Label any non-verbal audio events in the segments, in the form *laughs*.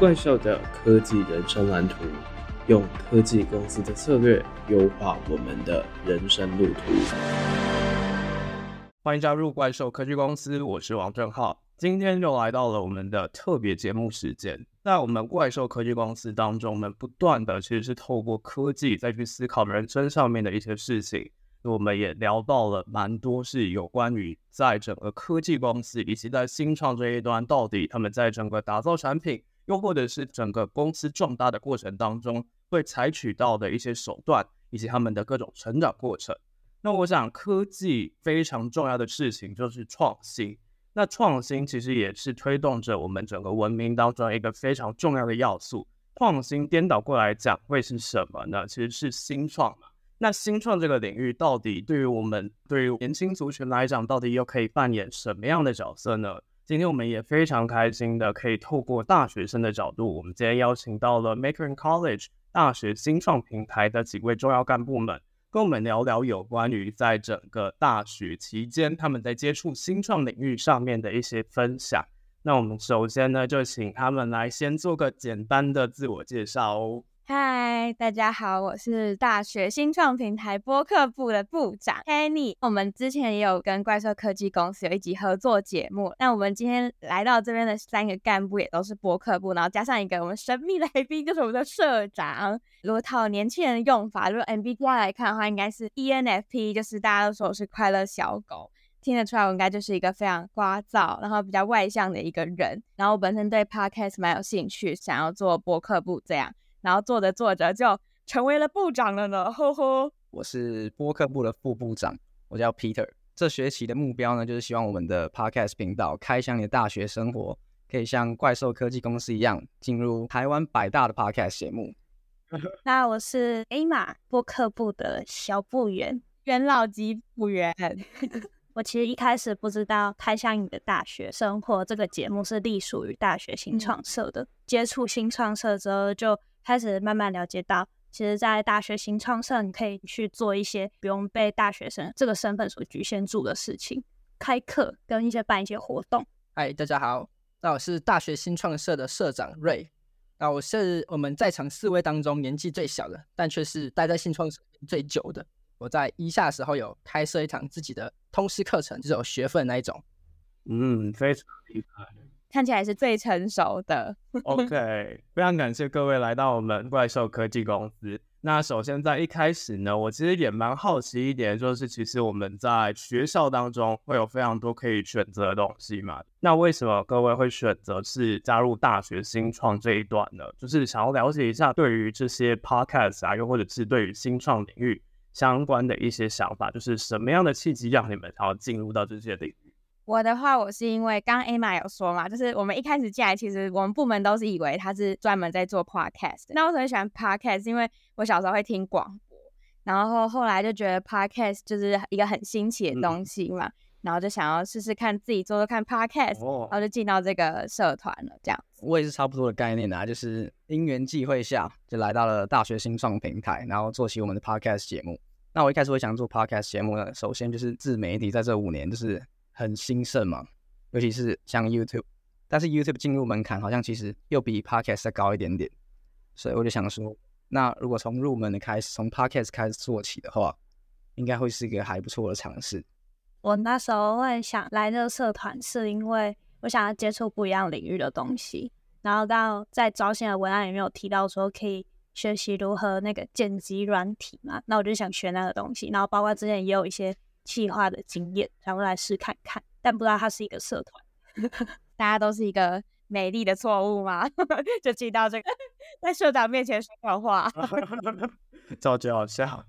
怪獸的科技人生藍圖，用科技公司的策略優化我們的人生路途。歡迎加入怪獸科技公司，我是王正浩，今天又來到了我們的特別節目時間。在我們怪獸科技公司當中，我們不斷的其實是透過科技再去思考人生上面的一些事情。我們也聊到了蠻多，是有關於在整個科技公司以及在新創這一端，到底他們在整個打造產品。又或者是整個公司壯大的過程當中會採取到的一些手段，以及他們的各種成長過程。那我想，科技非常重要的事情就是創新。那創新其實也是推動着我們整個文明當中一個非常重要的要素。創新顛倒過來講會是什麼呢？其實是新創。那新創這個領域到底對於我們，對於年輕族群來講，到底又可以扮演什麼樣的角色呢？今天我們也非常開心的可以透過大學生的角度，我們今天邀請到了 Maker in College 大學新創平台的幾位重要幹部們，跟我們聊聊有關於在整個大學期間他們在接觸新創領域上面的一些分享。那我們首先呢，就請他們來先做個簡單的自我介紹哦。嗨，大家好，我是大學新創平台播客部的部長 Pany。我們之前也有跟怪獸科技公司有一集合作節目。那我們今天來到這邊的三個幹部也都是播客部，然後加上一個我們神秘的來賓，就是我們的社長。啊，如果套年輕人的用法，如果 MBTI 來看的話，應該是 ENFP，就是大家都說我是快樂小狗，聽得出來我應該就是一個非常聒噪，然後比較外向的一個人。然後我本身對 Podcast 蠻有興趣，想要做播客部這樣。然後做着做着就成為了部長了呢，呵呵，我是播客部的副部長，我叫 Peter。這學期的目標呢，就是希望我們的 Podcast 頻道《開箱你的大學生活》可以像怪獸科技公司一樣，進入台灣百大的 Podcast 節目。 *laughs* 那我是 Emma，播客部的小部員，元老級部員。 *laughs* 我其實一開始不知道《開箱你的大學生活》這個節目是隸屬於大學新創社的。嗯，接觸新創社之後就。開始慢慢了解到，其實，在大學新創社，你可以去做一些不用被大學生這個身份所局限住的事情，開課跟一些辦一些活動。嗨，大家好，那我是大學新創社的社長 Ray，那我是我們在場四位當中年紀最小的，但卻是待在新創社最久的。我在一下時候有開設一場自己的通識課程，就是有學分那一種。嗯，非常厲害。看起來是最成熟的。OK， *laughs* 非常感謝各位來到我們怪獸科技公司。那首先在一開始呢，我其實也蠻好奇一點，就是其實我們在學校當中會有非常多可以選擇的東西嘛。那為什麼各位會選擇是加入大學新創這一段呢？就是想要了解一下對於這些 podcast 啊，又或者是對於新創領域相關的一些想法，就是什麼樣的契機讓你們然後進入到這些領域？我的話，我是因為剛 Emma 有說嘛，就是我們一開始進來，其實我們部門都是以為他是專門在做 podcast。那我很喜歡 podcast，因為我小時候會聽廣播，然後後來就覺得 podcast 就是一個很新奇的東西嘛，嗯、然後就想要試試看自己做做看 podcast、哦、然後就進到這個社團了。這樣，我也是差不多的概念啦、啊，就是因緣際會下就來到了大學新創平台，然後做起我們的 podcast 節目。那我一開始會想做 podcast 節目呢，首先就是自媒體在這五年就是。很興盛嘛，尤其是像 YouTube，但是 YouTube 進入門檻好像其實又比 Podcast 再高一點點，所以我就想說，那如果從入門的開始，從 Podcast 開始做起的話，應該會是一個還不錯的嘗試。我那時候會想來這個社團，是因為我想要接觸不一樣領域的東西。然後到在招新的文案裡面有提到說可以學習如何那個剪輯軟體嘛，那我就想學那個東西。然後包括之前也有一些。企劃的經驗，想來試看看，但不知道它是一個社團， *laughs* 大家都是一個美麗的錯誤嘛， *laughs* 就進到這個在社長面前說說話，超級好笑， *laughs* 叫叫。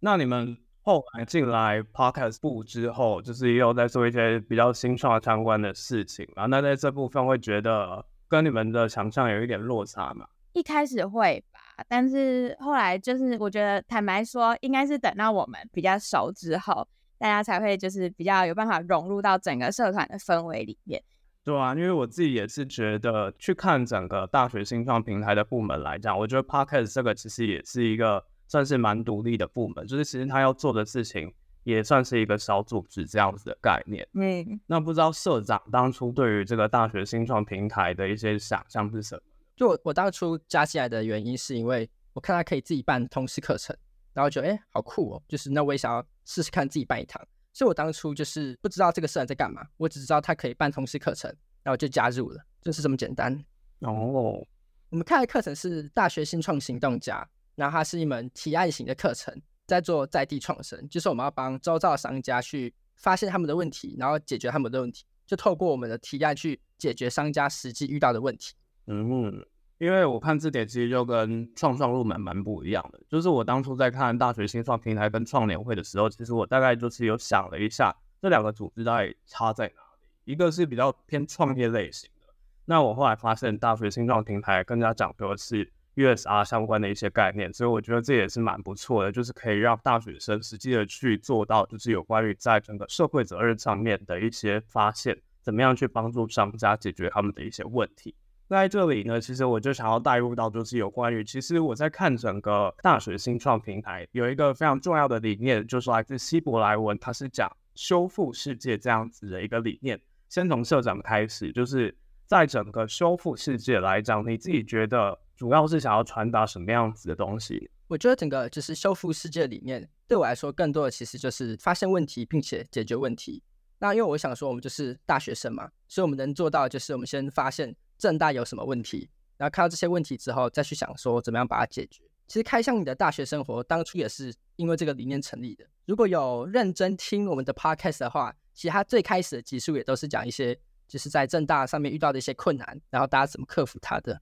那你們後來進來 Podcast 部之後，就是也有在做一些比較新創相關的事情嘛？那在這部分會覺得跟你們的想象有一點落差嗎？一開始會吧，但是後來就是我覺得坦白說，應該是等到我們比較熟之後。大家才會就是比較有辦法融入到整個社團的氛圍裡面。對啊，因為我自己也是覺得去看整個大學新創平台的部門來講，我覺得 Podcast 這個其實也是一個算是蠻獨立的部門，就是其實他要做的事情也算是一個小組織這樣子的概念。嗯，那不知道社長當初對於這個大學新創平台的一些想象是什麼？就我，我當初加進來的原因是因為我看他可以自己辦通識課程，然後覺得誒、欸，好酷哦、喔，就是那我也想要。試試看自己辦一堂，所以我當初就是不知道這個社團在幹嘛，我只知道他可以辦通識課程，然後就加入了，就是這麼簡單。哦、oh.，我們開的課程是大學新創行動家，然後它是一門提案型的課程，在做在地創生，就是我們要幫周遭的商家去發現他們的問題，然後解決他們的問題，就透過我們的提案去解決商家實際遇到的問題。嗯、oh.。因為我看這點其實就跟創創入門蠻不一樣的，就是我當初在看大學新創平台跟創聯會的時候，其實我大概就是有想了一下這兩個組織大概差在哪裡，一個是比較偏創業類型的，那我後來發現大學新創平台更加講究的是 USR 相關的一些概念，所以我覺得這也是蠻不錯的，就是可以讓大學生實際的去做到，就是有關於在整個社會責任上面的一些發現，怎麼樣去幫助商家解決他們的一些問題。在這裡呢，其實我就想要帶入到，就是有關於，其實我在看整個大學新創平台，有一個非常重要的理念，就是來自希伯來文，它是講修復世界這樣子的一個理念。先從社長開始，就是在整個修復世界來講，你自己覺得主要是想要傳達什麼樣子的東西？我覺得整個就是修復世界裡面，對我來說更多的其實就是發現問題並且解決問題。那因為我想說，我們就是大學生嘛，所以我們能做到就是我們先發現。政大有什麼問題？然後看到這些問題之後，再去想說怎麼樣把它解決。其實開箱你的大學生活，當初也是因為這個理念成立的。如果有認真聽我們的 podcast 的話，其實它最開始的集數也都是講一些，就是在政大上面遇到的一些困難，然後大家怎麼克服它的。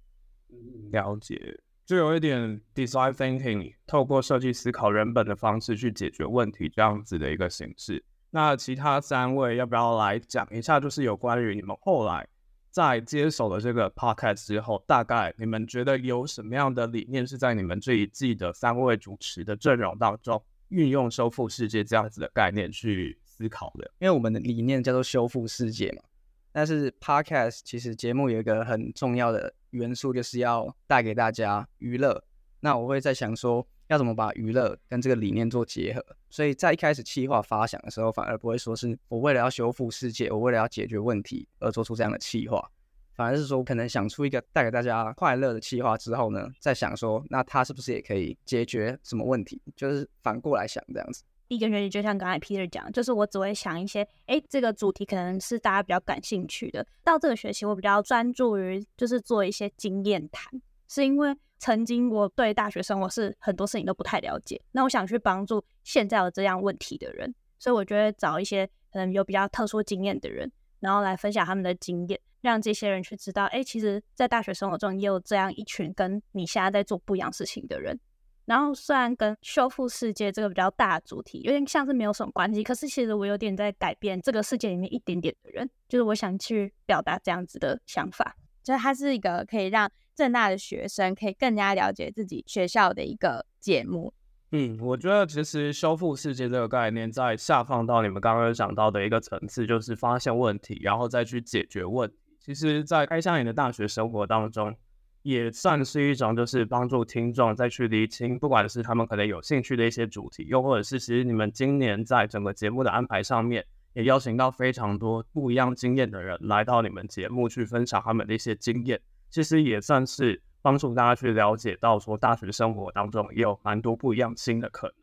了解，就有一點 design thinking，透過設計思考人本的方式去解決問題，這樣子的一個形式。那其他三位要不要來講一下，就是有關於你們後來？在接手了這個 podcast 之後，大概你們覺得有什麼樣的理念是在你們這一季的三位主持的陣容當中運用“修復世界”這樣子的概念去思考的？因為我們的理念叫做“修復世界”嘛。但是 podcast 其實節目有一個很重要的元素，就是要帶給大家娛樂。那我會在想說。要怎麼把娛樂跟這個理念做結合？所以在一開始企劃發想的時候，反而不會說是我為了要修復世界，我為了要解決問題而做出這樣的企劃，反而是說，我可能想出一個帶給大家快樂的企劃之後呢，再想說，那他是不是也可以解決什麼問題？就是反過來想這樣子。第一個學期就像剛才 Peter 講，就是我只會想一些，哎、欸，這個主題可能是大家比較感興趣的。到這個學期，我比較專注於就是做一些經驗談，是因為。曾經我對大學生活是很多事情都不太了解，那我想去幫助現在有這樣問題的人，所以我就會找一些可能有比較特殊經驗的人，然後來分享他們的經驗，讓這些人去知道，哎，其實，在大學生活中也有這樣一群跟你現在在做不一樣事情的人。然後雖然跟修復世界這個比較大的主題有點像是沒有什麼關係，可是其實我有點在改變這個世界裡面一點點的人，就是我想去表達這樣子的想法，就是它是一個可以讓。政大的學生可以更加了解自己學校的一個節目。嗯，我覺得其實修復世界這個概念，在下放到你們剛剛講到的一個層次，就是發現問題，然後再去解決問題。其實，在開箱你的大學生活當中，也算是一種就是幫助聽眾再去釐清，不管是他們可能有興趣的一些主題，又或者是其實你們今年在整個節目的安排上面，也邀請到非常多不一樣經驗的人來到你們節目去分享他們的一些經驗。其實也算是幫助大家去了解到，說大學生活當中也有蠻多不一樣、新的可能。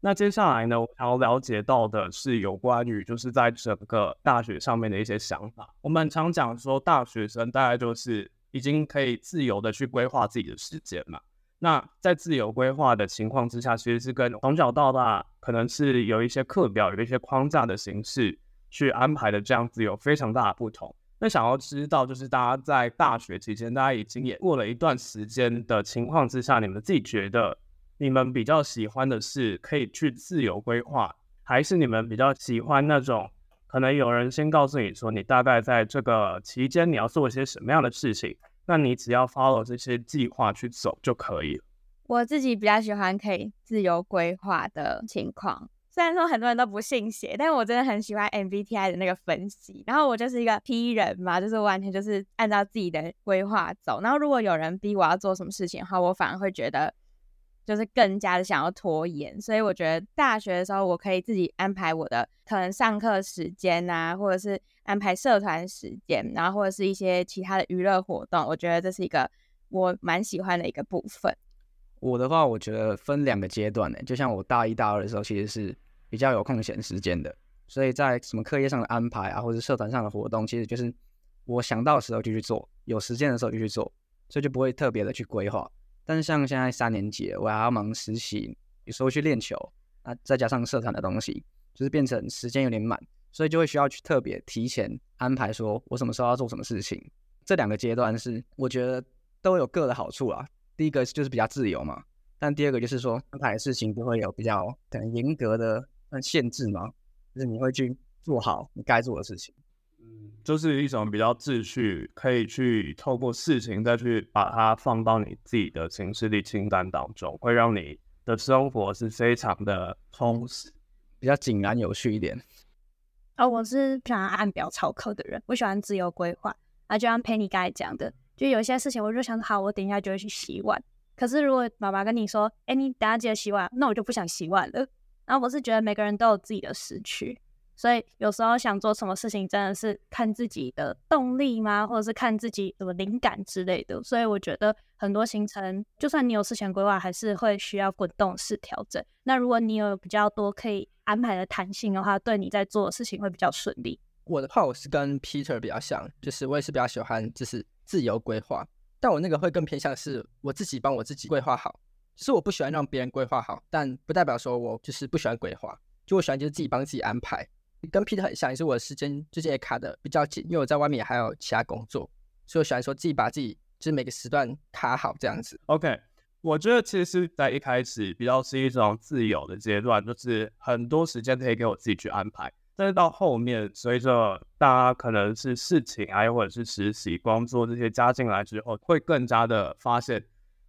那接下來呢，我要了解到的是有關於就是在整個大學上面的一些想法。我們常講說，大學生大概就是已經可以自由的去規劃自己的時間嘛。那在自由規劃的情況之下，其實是跟從小到大可能是有一些課表、有一些框架的形式去安排的，這樣子有非常大的不同。那想要知道，就是大家在大學期間，大家已經也過了一段時間的情況之下，你們自己覺得，你們比較喜歡的是可以去自由規劃，還是你們比較喜歡那種可能有人先告訴你說，你大概在這個期間你要做一些什麼樣的事情，那你只要 follow 這些計劃去走就可以了？我自己比較喜歡可以自由規劃的情況。雖然說很多人都不信邪，但是我真的很喜歡 MBTI 的那個分析。然後我就是一個 P 人嘛，就是完全就是按照自己的規劃走。然後如果有人逼我要做什麼事情的話，我反而會覺得就是更加的想要拖延。所以我覺得大學的時候，我可以自己安排我的可能上課時間啊，或者是安排社團時間，然後或者是一些其他的娛樂活動。我覺得這是一個我蠻喜歡的一個部分。我的話，我覺得分兩個階段誒、欸，就像我大一大二的時候，其實是。比較有空閒時間的，所以在什麼課業上的安排啊，或者社團上的活動，其實就是我想到時候就去做，有時間的時候就去做，所以就不會特別的去規劃。但是像現在三年級，我還要忙實習，有時候去練球啊，那再加上社團的東西，就是變成時間有點滿，所以就會需要去特別提前安排，說我什麼時候要做什麼事情。這兩個階段是我覺得都有各的好處啊。第一個就是比較自由嘛，但第二個就是說安排的事情不會有比較可能嚴格的限制嗎？就是你會去做好你該做的事情，嗯，就是一種比較秩序，可以去透過事情再去把它放到你自己的行事曆清單當中，會讓你的生活是非常的充實，比較井然有序一點。哦，我是不想要按表操課的人，我喜歡自由規劃。啊，就像 Pany 剛才講的，就有些事情，我就想好，我等一下就會去洗碗。可是如果媽媽跟你說，哎、欸，你等下記得洗碗，那我就不想洗碗了。然後我是覺得每個人都有自己的時區，所以有時候想做什麼事情，真的是看自己的動力嗎？或者是看自己什麼靈感之類的。所以我覺得很多行程，就算你有事前規劃，還是會需要滾動式調整。那如果你有比較多可以安排的彈性的話，對你在做事情會比較順利。我的話，我是跟 Peter 比較像，就是我也是比較喜歡就是自由規劃，但我那個會更偏向是我自己幫我自己規劃好。就是我不喜歡讓別人規劃好，但不代表說我就是不喜歡規劃。就我喜歡就是自己幫自己安排，跟 Peter 很像，也是我的時間最近也卡的比較緊，因為我在外面還有其他工作，所以我喜歡說自己把自己就是每個時段卡好這樣子。OK，我覺得其實在一開始比較是一種自由的階段，就是很多時間可以給我自己去安排。但是到後面，隨着大家可能是事情啊，或者是實習、工作這些加進來之後，會更加的發現，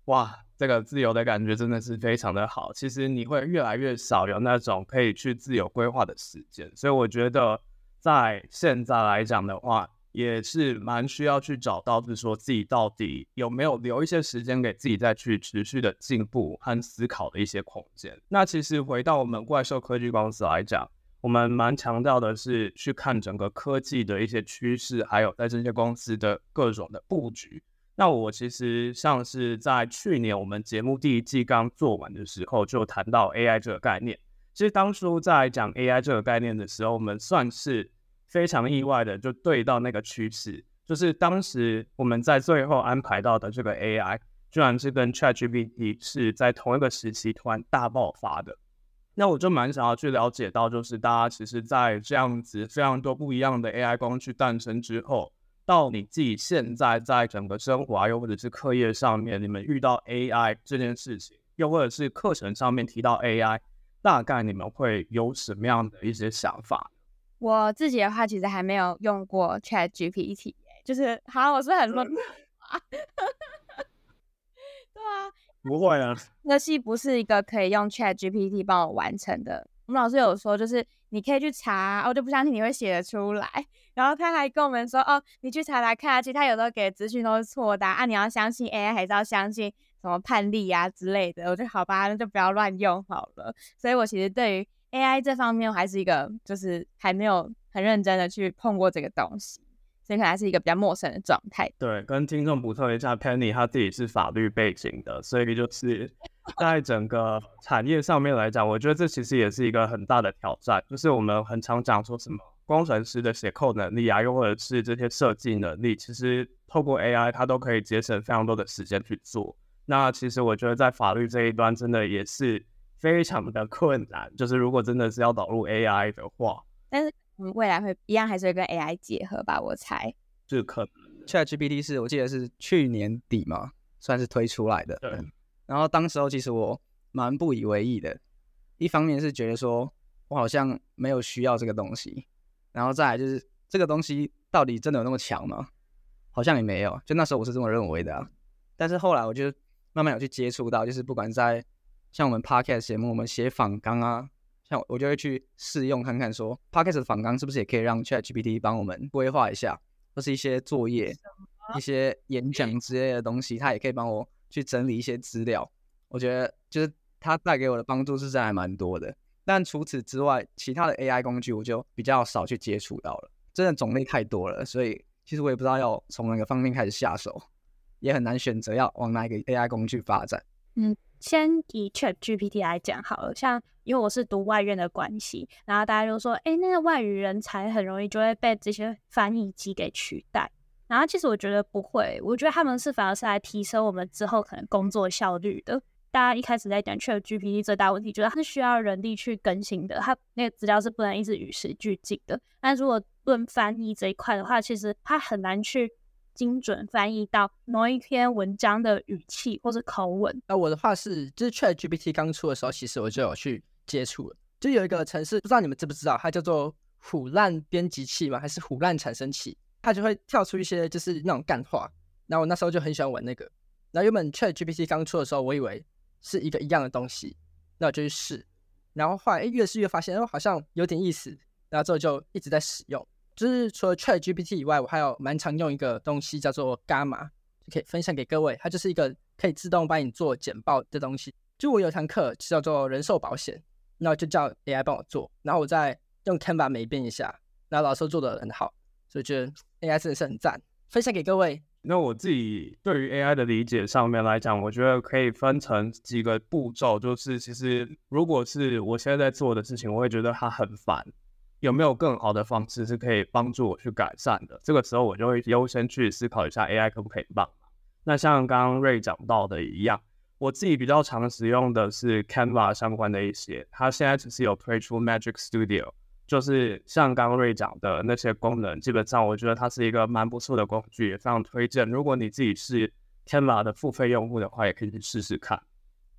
哇。這個自由的感覺真的是非常的好，其實你會越來越少有那種可以去自由規劃的時間，所以我覺得在現在來講的話，也是蠻需要去找到，就是說自己到底有沒有留一些時間給自己再去持續的進步和思考的一些空間。那其實回到我們怪獸科技公司來講，我們蠻強調的是去看整個科技的一些趨勢，還有在這些公司的各種的佈局。那我其實像是在去年我們節目第一季剛做完的時候，就談到 AI 這個概念。其實當初在講 AI 這個概念的時候，我們算是非常意外的就對到那個趨勢，就是當時我們在最後安排到的這個 AI，居然是跟 ChatGPT 是在同一個時期突然大爆發的。那我就蠻想要去了解到，就是大家其實在這樣子非常多不一樣的 AI 工具誕生之後。到你自己現在在整個生活啊，又或者是課業上面，你們遇到 AI 這件事情，又或者是課程上面提到 AI，大概你們會有什麼樣的一些想法？我自己的話，其實還沒有用過 ChatGPT、欸、就是好，我是很亂啊， *laughs* *laughs* 對啊，不會啊，那是不是一個可以用 ChatGPT 幫我完成的？我們老師有說，就是。你可以去查、哦，我就不相信你會寫得出來。然後他還跟我們說，哦，你去查查看其、啊、其實他有時候給的資訊都是錯的啊,啊，你要相信 AI 還是要相信什麼判例啊之類的。我就好吧，那就不要亂用好了。所以我其實對於 AI 這方面，我還是一個就是還沒有很認真的去碰過這個東西。這可能還是一個比較陌生的狀態。對，跟聽眾補充一下，Pany 他自己是法律背景的，所以就是在整個產業上面來講，我覺得這其實也是一個很大的挑戰。就是我們很常講說什麼工程師的寫 code 能力啊，又或者是這些設計能力，其實透過 AI 它都可以節省非常多的時間去做。那其實我覺得在法律這一端真的也是非常的困難。就是如果真的是要導入 AI 的話，但是。我們未來會一樣，還是會跟 AI 結合吧？我猜這是可能 ChatGPT 是我記得是去年底嘛，算是推出來的。然後當時候其實我蠻不以為意的，一方面是覺得說我好像沒有需要這個東西，然後再來就是這個東西到底真的有那麼強嗎？好像也沒有。就那時候我是這麼認為的啊。但是後來我就慢慢有去接觸到，就是不管在像我們 Podcast 節目，我們寫訪綱啊。像我就會去試用看看，說 Podcast 的訪綱是不是也可以讓 Chat GPT 幫我們規劃一下，或是一些作業、一些演講之類的東西，它也可以幫我去整理一些資料。我覺得就是它帶給我的幫助是真的還蠻多的。但除此之外，其他的 AI 工具我就比較少去接觸到了，真的種類太多了，所以其實我也不知道要從哪個方面開始下手，也很難選擇要往哪個 AI 工具發展。嗯。先以 Chat GPT 來講好了，像因為我是讀外院的關係，然後大家就說，哎，那個外語人才很容易就會被這些翻譯機給取代。然後其實我覺得不會，我覺得他們是反而是來提升我們之後可能工作效率的。大家一開始在講 Chat GPT 最大問題，就是它是需要人力去更新的，它那個資料是不能一直與時俱進的。但如果論翻譯這一塊的話，其實它很難去。精準翻譯到某一篇文章的語氣或者口吻。那我的話是，就是 Chat GPT 剛出的時候，其實我就有去接觸了。就有一個程式，不知道你們知不知道，它叫做“虎爛編輯器”嘛，還是“虎爛產生器”，它就會跳出一些就是那種幹話。那我那時候就很喜歡玩那個。那原本 Chat GPT 剛出的時候，我以為是一個一樣的東西，那我就去試。然後後來，哎，越試越發現，哦，好像有點意思。然後之後就一直在使用。就是除了 ChatGPT 以外，我還有蠻常用一個東西叫做 Gamma，就可以分享給各位。它就是一個可以自動幫你做簡報的東西。就我有堂課就叫做人壽保險，那就叫 AI 幫我做，然後我再用 Canva 每一遍一下，那老師做的很好，所以覺得 AI 真的是很贊。分享給各位。那我自己對於 AI 的理解上面來講，我覺得可以分成幾個步驟，就是其實如果是我現在在做的事情，我會覺得它很煩。有沒有更好的方式是可以幫助我去改善的？這個時候我就會優先去思考一下 AI 可不可以幫。那像剛剛 Ray 講到的一樣，我自己比較常使用的是 Canva 相關的一些，它現在只是有推出 Magic Studio，就是像剛 Ray 講的那些功能，基本上我覺得它是一個蠻不錯的工具，也非常推薦。如果你自己是 Canva 的付費用戶的話，也可以去試試看。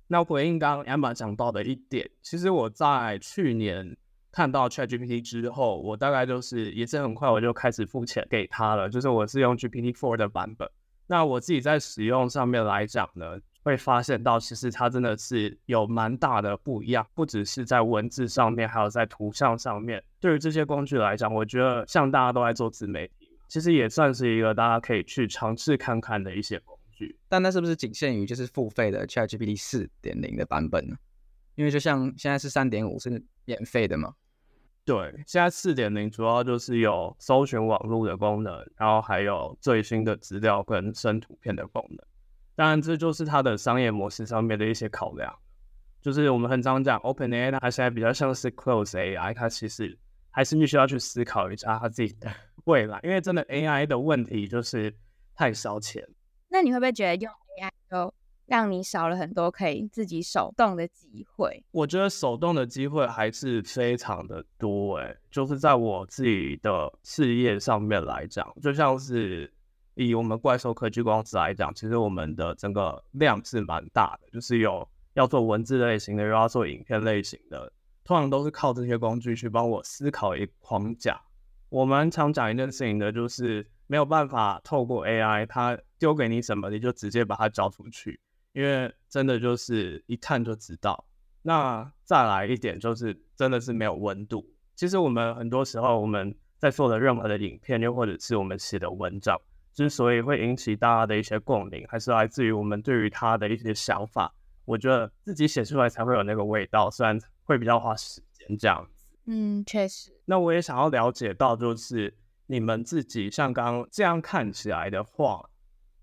那回應剛 Emma 講到的一點，其實我在去年。看到 ChatGPT 之後，我大概就是也是很快我就開始付錢給他了。就是我是用 GPT 4的版本。那我自己在使用上面來講呢，會發現到其實它真的是有蠻大的不一樣，不只是在文字上面，還有在圖像上面。對於這些工具來講，我覺得像大家都在做自媒體，其實也算是一個大家可以去嘗試看看的一些工具。但它是不是僅限於就是付費的 ChatGPT 4.0的版本呢？因為就像現在是3.5，是免費的嘛？對，現在四點零主要就是有搜尋網絡的功能，然後還有最新的資料跟生圖片的功能。當然，這就是它的商業模式上面的一些考量。就是我們很常講 Open AI，它現在比較像是 Close AI，它其實還是必須要去思考一下它自己的未來，因為真的 AI 的問題就是太燒錢。那你會不會覺得用 AI 呢？讓你少了很多可以自己手動的機會。我覺得手動的機會還是非常的多哎、欸，就是在我自己的事業上面來講，就像是以我們怪獸科技公司來講，其實我們的整個量是蠻大的，就是有要做文字類型的，又要做影片類型的，通常都是靠這些工具去幫我思考一個框架。我們常講一件事情的就是沒有辦法透過 AI，它丟給你什麼，你就直接把它交出去。因為真的就是一看就知道。那再來一點，就是真的是沒有溫度。其實我們很多時候，我們在做的任何的影片，又或者是我們寫的文章，之所以會引起大家的一些共鳴，還是來自於我們對於他的一些想法。我覺得自己寫出來才會有那個味道，雖然會比較花時間這樣子。嗯，確實。那我也想要了解到，就是你們自己像剛剛這樣看起來的話。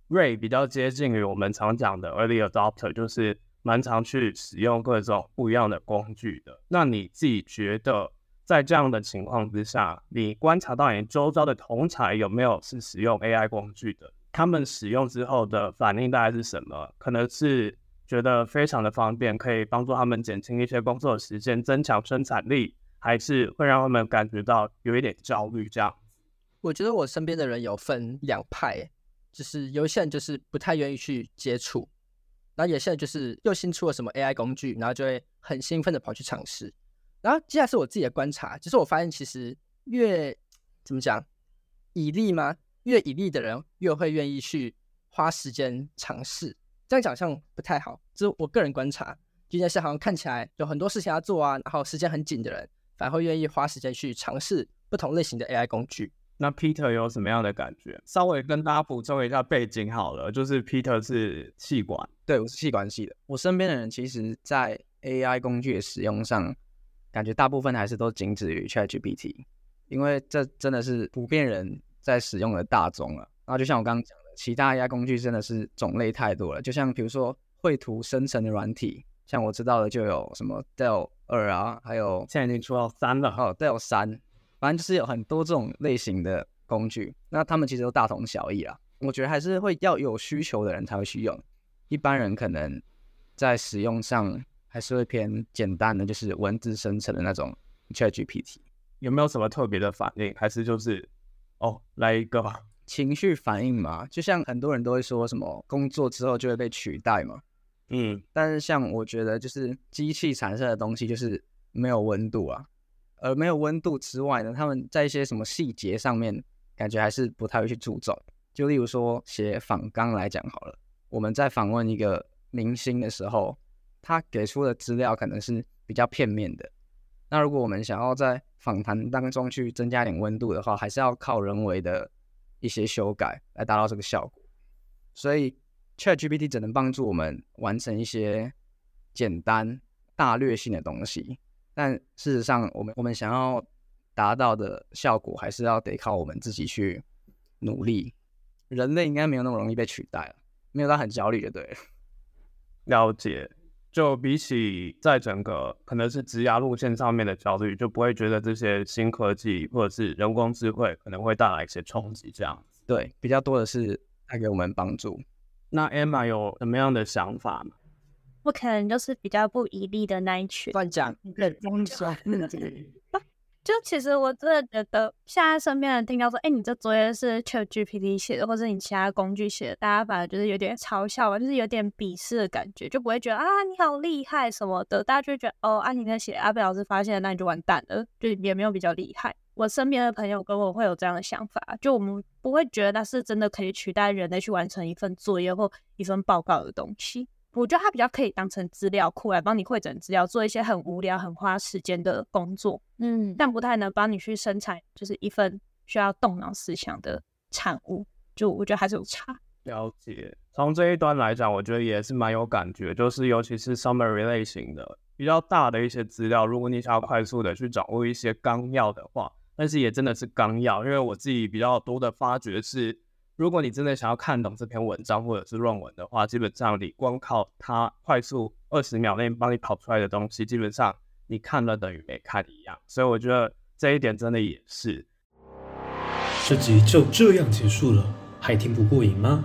Ray 比較接近於我們常講的 early adopter，就是蠻常去使用各種不一樣的工具的。那你自己覺得在這樣的情況之下，你觀察到你周遭的同儕有沒有是使用 AI 工具的？他們使用之後的反應大概是什麼？可能是覺得非常的方便，可以幫助他們減輕一些工作時間，增強生產力，還是會讓他們感覺到有一點焦慮？這樣？我覺得我身邊的人有分兩派、欸。就是有些人就是不太願意去接觸，然後有些人就是又新出了什麼 AI 工具，然後就會很興奮的跑去嘗試。然後接下來是我自己的觀察，就是我發現其實越怎麼講，以利嗎？越以利的人越會願意去花時間嘗試。這樣講好像不太好，這是我個人觀察。一件事好像看起來有很多事情要做啊，然後時間很緊的人反而會願意花時間去嘗試不同類型的 AI 工具。那 Peter 有什麼樣的感覺？稍微跟大家補充一下背景好了，就是 Peter 是企管，對，我是企管系的。我身邊的人其實，在 AI 工具的使用上，感覺大部分還是都僅止於 ChatGPT，因為這真的是普遍人在使用的大宗了，啊。然後就像我剛剛講的，其他 AI 工具真的是種類太多了。就像比如說繪圖生成的軟體，像我知道的就有什麼 Dell 二啊，還有現在已經出到三了，還有 Dell 三。反正就是有很多這種類型的工具，那他們其實都大同小異啊。我覺得還是會要有需求的人才會去用，一般人可能在使用上還是會偏簡單的，就是文字生成的那種 ChatGPT。有沒有什麼特別的反應？還是就是哦，來一個吧。情緒反應嘛，就像很多人都會說什麼工作之後就會被取代嘛。嗯，但是像我覺得就是機器產生的東西就是沒有溫度啊。而沒有溫度之外呢，他們在一些什麼細節上面，感覺還是不太會去注重。就例如說寫訪綱來講好了，我們在訪問一個明星的時候，他給出的資料可能是比較片面的。那如果我們想要在訪談當中去增加點溫度的話，還是要靠人為的一些修改來達到這個效果。所以 ChatGPT 只能幫助我們完成一些簡單大略性的東西。但事實上，我們我們想要達到的效果，還是要得靠我們自己去努力。人類應該沒有那麼容易被取代了，沒有到很焦慮的對。了解，就比起在整個可能是職涯路線上面的焦慮，就不會覺得這些新科技或者是人工智慧可能會帶來一些衝擊。這樣，這這樣對，比較多的是它給我們幫助。那 Emma 有什麼樣的想法嗎？不可能，就是比較不一力的那一群。亂講，亂講。就其實我真的覺得，現在身邊人聽到說：“哎、欸，你這作業是 Chat GPT 寫的，或是你其他工具寫的”，大家反而就是有點嘲笑吧，就是有點鄙視的感覺，就不會覺得啊，你好厲害什麼的。大家就會覺得：“哦，啊你在寫，啊被老師發現了，那你就完蛋了，就也沒有比較厲害。”我身邊的朋友跟我會有這樣的想法，就我們不會覺得那是真的可以取代人類去完成一份作業或一份報告的東西。我覺得它比較可以當成資料庫來幫你匯整資料，做一些很無聊、很花時間的工作，嗯，但不太能幫你去生產，就是一份需要動腦思想的產物。就我覺得還是有差。了解，從這一端來講，我覺得也是蠻有感覺，就是尤其是 summary 類型的比較大的一些資料，如果你想要快速的去掌握一些綱要的話，但是也真的是綱要，因為我自己比較多的發覺是。如果你真的想要看懂這篇文章或者是論文的話，基本上你光靠它快速二十秒內幫你跑出來的東西，基本上你看了等於沒看一樣。所以我覺得這一點真的也是。這集就這樣結束了，還聽不過癮嗎？